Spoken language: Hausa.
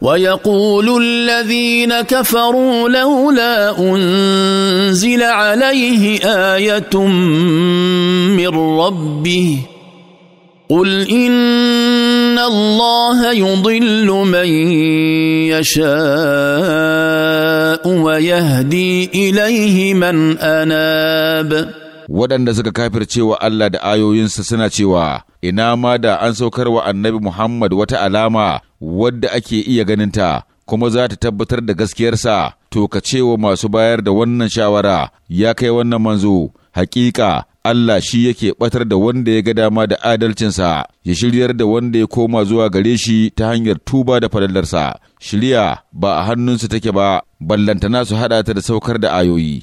ويقول الذين كفروا لولا انزل عليه ايه من ربه قل ان الله يضل من يشاء ويهدي اليه من اناب ودن waɗanda suka kafircewa Allah da ينسى suna cewa ina ma da an saukar wa annabi Muhammad wata alama wadda ake iya ganinta kuma za ta tabbatar da gaskiyarsa to ka ce masu bayar da wannan shawara ya kai wannan manzo hakika Allah shi yake batar da wanda ya ga dama da adalcinsa ya shiryar da wanda ya koma zuwa gare shi ta hanyar tuba da falalarsa shirya ba a hannunsu take ba ballantana su haɗa ta da saukar da ayoyi